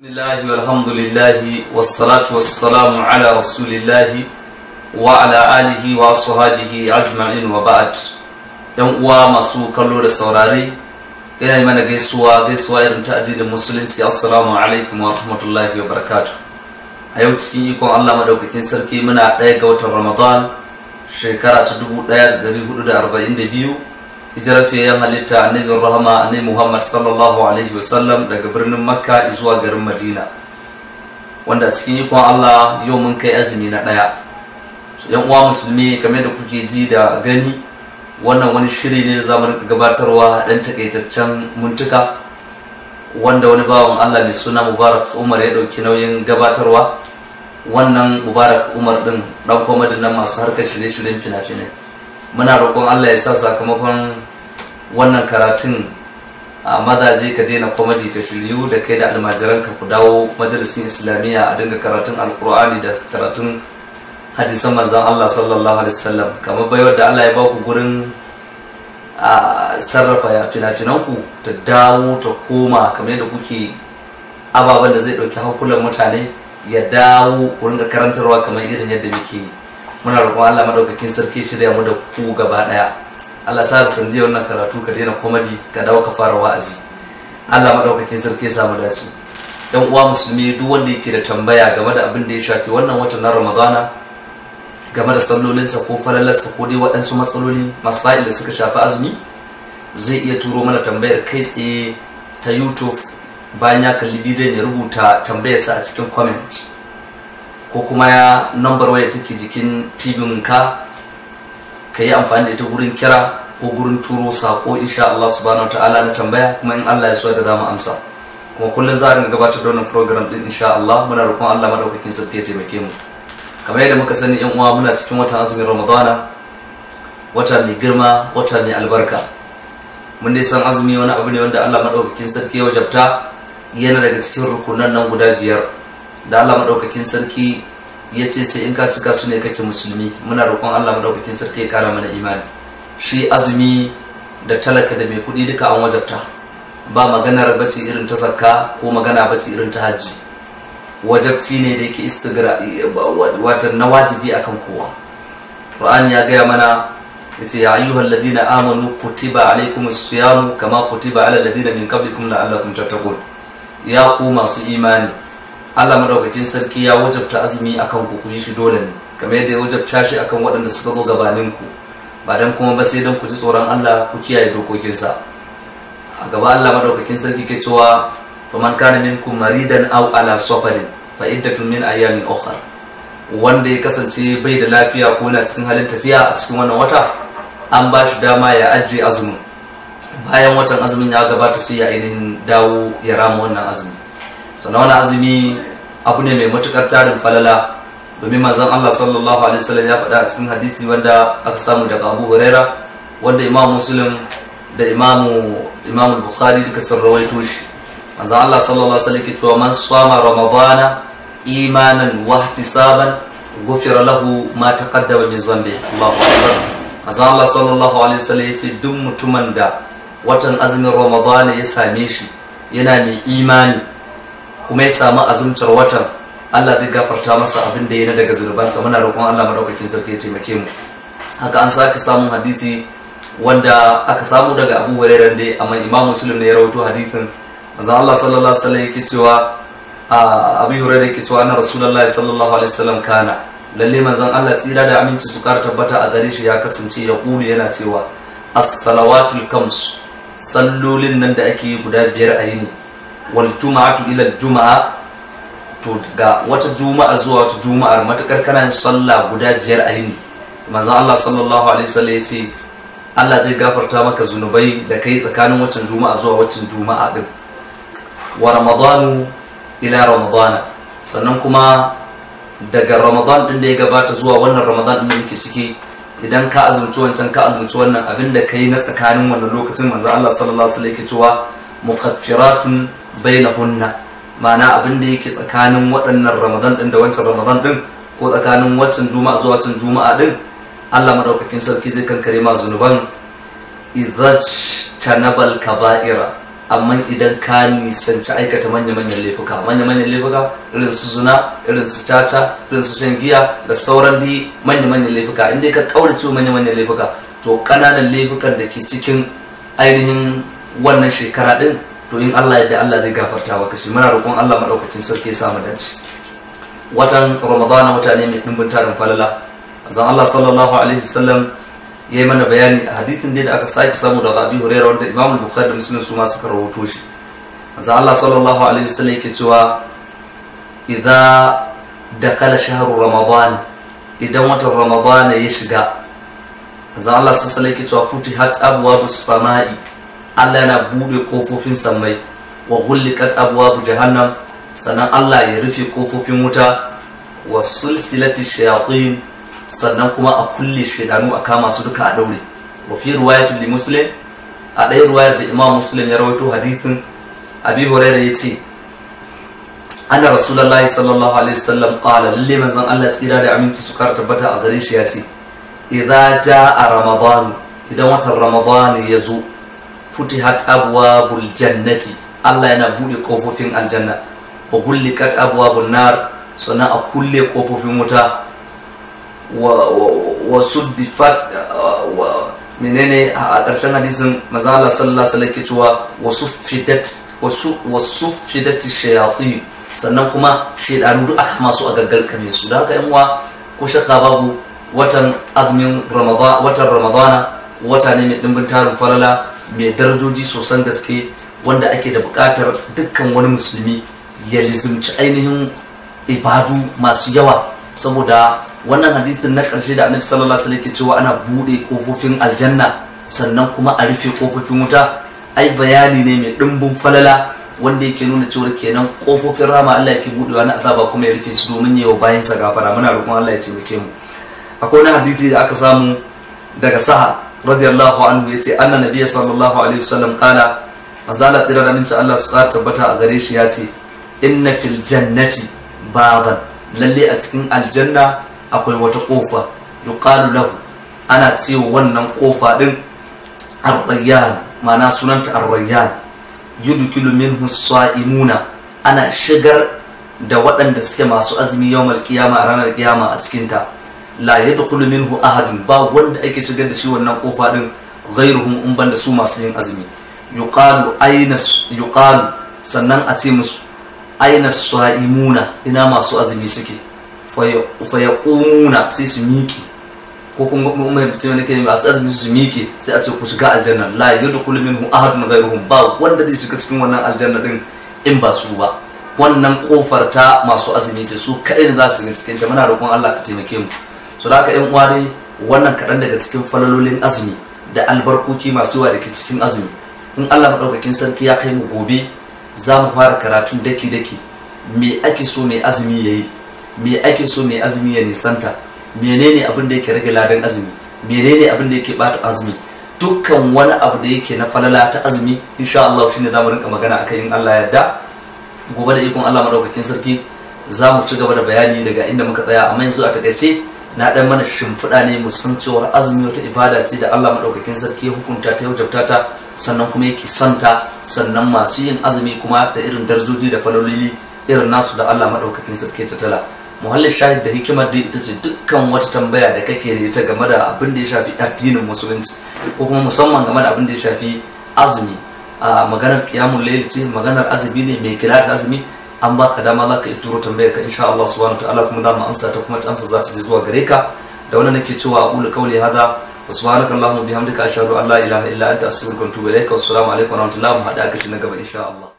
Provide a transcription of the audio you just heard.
بسم الله والحمد لله والصلاة والسلام على رسول الله وعلى آله وأصحابه أجمعين وبعد ‘yan uwa masu kallo da saurare yana mana gaisuwa gaisuwa irin ta addinin musulunci assalamu alaikum wa rahmatullahi wa barakatu a yau cikin ikon Allah madaukakin sarki muna ɗaya ga watan ramadan shekara ta 1442 ya halitta annabin rahama annabi muhammad sallallahu alaihi wasallam daga birnin makka zuwa garin madina wanda a cikin ikon allah yau mun kai azumi na ɗaya yan uwa musulmi kamar da kuke ji da gani wannan wani shiri ne da zamu gabatarwa dan takaitaccen muntuka wanda wani bawan allah mai suna mubarak umar ya ɗauki nauyin gabatarwa wannan mubarak umar ɗin ɗan nan masu harkar shirye-shiryen fina-finai muna roƙon allah ya sa sakamakon wannan karatun a mazaje ka daina kwamadi ka shiryu da kai da almajiran ka ku dawo majalisin islamiyya a dinga karatun alkur'ani da karatun hadisan manzan allah sallallahu alaihi wasallam kamar baiwar da allah ya ba ku gurin a sarrafa fina ku ta dawo ta koma kamar yadda kuke ababen da zai ɗauki hankulan mutane ya dawo ku karantarwa kamar irin yadda muke yi muna roƙon Allah madaukakin sarki shirya mu da ku gaba daya Allah sa da sanje wannan karatu ka daina komadi ka dawo ka fara wa'azi Allah madaukakin sarki ya samu dace yan uwa musulmi duk wanda yake da tambaya game da abin da ya shafi wannan watan na Ramadana game da sallolinsa ko falalarsa ko dai waɗansu matsaloli masu fa'il da suka shafi azumi zai iya turo mana tambayar kai tsaye ta YouTube bayan ya kalli bidiyon ya rubuta tambayarsa a cikin comment ko kuma ya nambar waya take jikin tibin ka ka yi amfani da ita gurin kira ko gurin turo sako insha Allah subhanahu wa ta'ala na tambaya kuma in Allah ya so da zamu amsa kuma kullum za a gabatar da wannan program din insha Allah muna roƙon Allah madaukakin sarki ya taimake mu kamar yadda muka sani yan uwa muna cikin watan azumin Ramadana wata mai girma wata mai albarka mun dai san azumi wani abu ne wanda Allah madaukakin sarki ya wajabta yana daga cikin rukunan nan guda biyar da Allah madaukakin sarki ya ce sai in ka suka su ne kake musulmi muna roƙon Allah maɗaukakin sarki ya kara mana imani shi azumi da talaka da mai kuɗi duka an wajabta ba maganar bace irin ta zakka ko magana bace irin ta hajji wajabci ne da yake istigra watan na wajibi akan kowa Qur'an ya gaya mana yace ya ayyuhal ladina amanu kutiba alaikumus siyamu kama kutiba ala ladina min qablikum la'allakum tattaqun ya ku masu imani Allah madaukakin sarki ya wajabta azumi akan ku ku yi shi dole ne kamar yadda ya wajabta shi akan waɗanda suka zo gabanin ku ba dan kuma ba sai dan ku ji tsoron Allah ku kiyaye dokokin sa a gaba Allah madaukakin sarki ke cewa faman kana minkum maridan aw ala safarin fa iddatun min ayamin ukhra wanda ya kasance bai da lafiya ko yana cikin halin tafiya a cikin wannan wata an ba shi dama ya ajiye azumin bayan watan azumin ya gabata sai ya ainihin dawo ya rama wannan azumin sannan wani azumi abu ne mai matukar tarin falala domin manzon Allah sallallahu alaihi wasallam ya faɗa a cikin hadisi wanda aka samu daga Abu Huraira wanda Imam Muslim da Imam Imam Bukhari duka sun rawaito shi manzon Allah sallallahu alaihi wasallam ke cewa man sama ramadana imanan wa ihtisaban gufira lahu ma taqaddama min zambi Allahu akbar manzon Allah sallallahu alaihi wasallam ya ce duk mutumin da watan azumin ramadana ya same shi yana mai imani kuma ya samu azumtar watan Allah zai gafarta masa abin da yana daga zunubansa muna roƙon Allah madaukakin sarki ya taimake mu haka an saka samun hadisi wanda aka samu daga Abu Hurairah dai amma Imam Muslim ne ya rawaito hadisin manzo Allah sallallahu alaihi wasallam yake cewa Abu Hurairah yake cewa na Rasulullahi sallallahu alaihi wasallam kana lalle manzon Allah tsira da aminci su kara tabbata a gare shi ya kasance ya kulu yana cewa as-salawatul kams sallolin nan da ake yi guda biyar a yini wal juma'atu ila al juma'a to ga wata juma'a zuwa wata juma'ar matakar kana sallah guda biyar a yini manzo Allah sallallahu alaihi wasallam yace Allah zai gafarta maka zunubai da kai tsakanin waccan juma'a zuwa waccan juma'a din wa ramadanu ila ramadana sannan kuma daga ramadan din da ya gabata zuwa wannan ramadan din da yake ciki idan ka azumci wancan ka azumci wannan abin da kai na tsakanin wannan lokacin manzo Allah sallallahu alaihi wasallam yake cewa mukaffiratun bainahunna ma'ana abin da yake tsakanin waɗannan ramadan ɗin da wancan ramadan ɗin ko tsakanin waccan juma'a zuwa wancan juma'a ɗin Allah madaukakin sarki zai kankare ma zunuban idajtanabal kaba'ira amma idan ka nisanci aikata manya-manyan laifuka manya-manyan laifuka irin su zuna irin su caca irin su shan giya da sauran di manya-manyan laifuka inda ka kaurace manya-manyan laifuka to ƙananan laifukan da ke cikin ainihin wannan shekara din to in Allah yadda Allah zai gafarta wa kashi muna roƙon Allah madaukakin sarki ya samu dace watan Ramadana wata ne mai dimbin tarin falala zan Allah sallallahu alaihi wasallam yayi mana bayani a hadithin da aka sake samu daga Abi Hurairah wanda Imam Bukhari da Muslim su ma suka rawaito shi zan Allah sallallahu alaihi wasallam yake cewa idza dakala shahru Ramadana idan watan Ramadana ya shiga zan Allah sallallahu alaihi wasallam yake cewa futihat abwabus samai Allah yana buɗe ƙofofin sammai wa gullikat abwabu jahannam sannan Allah ya rufe ƙofofin wuta wa sulsilati shayatin sannan kuma a kulle shaidanu a kama su duka a daure wa fi riwayatul muslim a ɗaya riwayar da imam muslim ya rawaito hadithin abi ya yace ana rasulullahi sallallahu alaihi wasallam qala lalle manzon Allah tsira da aminci su kar tabbata a gare shi ce idza jaa ramadan idan watan ramadan ya zo futihat abwabul jannati Allah yana buɗe kofofin aljanna wa gullikat abwabun nar sannan a kulle kofofin wuta wa suddifat wa menene a ƙarshen hadisin manzo Allah sallallahu alaihi wasallam wa suffidat wa suffidat shayatin sannan kuma shaydanu duk aka masu a gaggarkame su da haka yan uwa ko shakka babu watan azumin Ramadana. watan ramadana wata ne mai dimbin tarin falala mai darajoji sosan gaske wanda ake da buƙatar dukkan wani musulmi ya lizimci ainihin ibadu masu yawa saboda wannan hadithin na ƙarshe da annabi sallallahu alaihi wasallam cewa ana buɗe kofofin aljanna sannan kuma a rufe kofofin wuta ai bayani ne mai ɗimbin falala wanda yake nuna cewa kenan ƙofofin rama Allah yake buɗewa na azaba kuma ya rufe su domin yawa bayan sa gafara muna roƙon Allah ya taimake mu akwai wani hadisi da aka samu daga saha radiyallahu anhu yace anna nabiyyi sallallahu alaihi wasallam qala azala tira da minci Allah su ƙara tabbata a gare shi yace inna fil jannati baban lalle a cikin aljanna akwai wata kofa yuqalu lahu ana cewa wannan kofa din ar ma'ana sunanta arrayyan rayyan yudkilu minhu saimuna ana shigar da waɗanda suke masu azumi yawmal ƙiyama a ranar ƙiyama a cikin ta la kullu minhu ahadun ba wanda ake shigar da shi wannan kofa din ghairuhum in banda su masu yin azumi yuqalu ayna yuqalu sannan a ce musu aina sa'imuna ina masu azumi suke fa yaqumuna sai su miƙe ko kun ga mai mutum ne kai masu azumi su miƙe sai a ce ku shiga aljanna la kullu minhu ahadun ghairuhum ba wanda zai shiga cikin wannan aljanna din in ba su ba wannan kofar ta masu azumi sai su kaɗai ne za su shiga cikin ta muna roƙon Allah ka taimake mu so haka yan uwa dai wannan kaɗan daga cikin falalolin azumi da albarkoki masu yawa da ke cikin azumi in allah maɗaukakin sarki ya kai mu gobe za mu fara karatun daki daki me ake so mai azumi ya yi me ake so mai azumi ya nisanta menene abin da yake rage ladan azumi menene abin da yake bata azumi dukkan wani abu da yake na falala ta azumi insha Allah za zamu rinka magana akai in Allah yarda gobe da ikon Allah maɗaukakin sarki za mu ci gaba da bayani daga inda muka tsaya amma yanzu a takaice na dan mana shimfiɗa ne mu san cewar azumi wata ibada ce da Allah madaukakin sarki ya hukunta ta wajabta ta sannan kuma yake santa sannan masu yin azumi kuma da irin darjoji da falolili irin nasu da Allah madaukakin sarki ta tala muhallin shahid da hikimar da ita ce dukkan wata tambaya da kake da ita game da abin da ya shafi addinin musulunci ko kuma musamman game da abin da ya shafi azumi a maganar kiyamul layl ce maganar azumi ne mai kira ta azumi an baka dama za ka turo tambayar ka insha Allah subhanahu wa ta'ala kuma za mu amsa ta kuma amsa za ta zuwa gare ka da wannan nake cewa aqulu qawli hadha subhanaka allahumma bihamdika ashhadu an la ilaha illa anta astaghfiruka wa atubu ilaik wa assalamu alaikum wa rahmatullahi wa barakatuh na gaba insha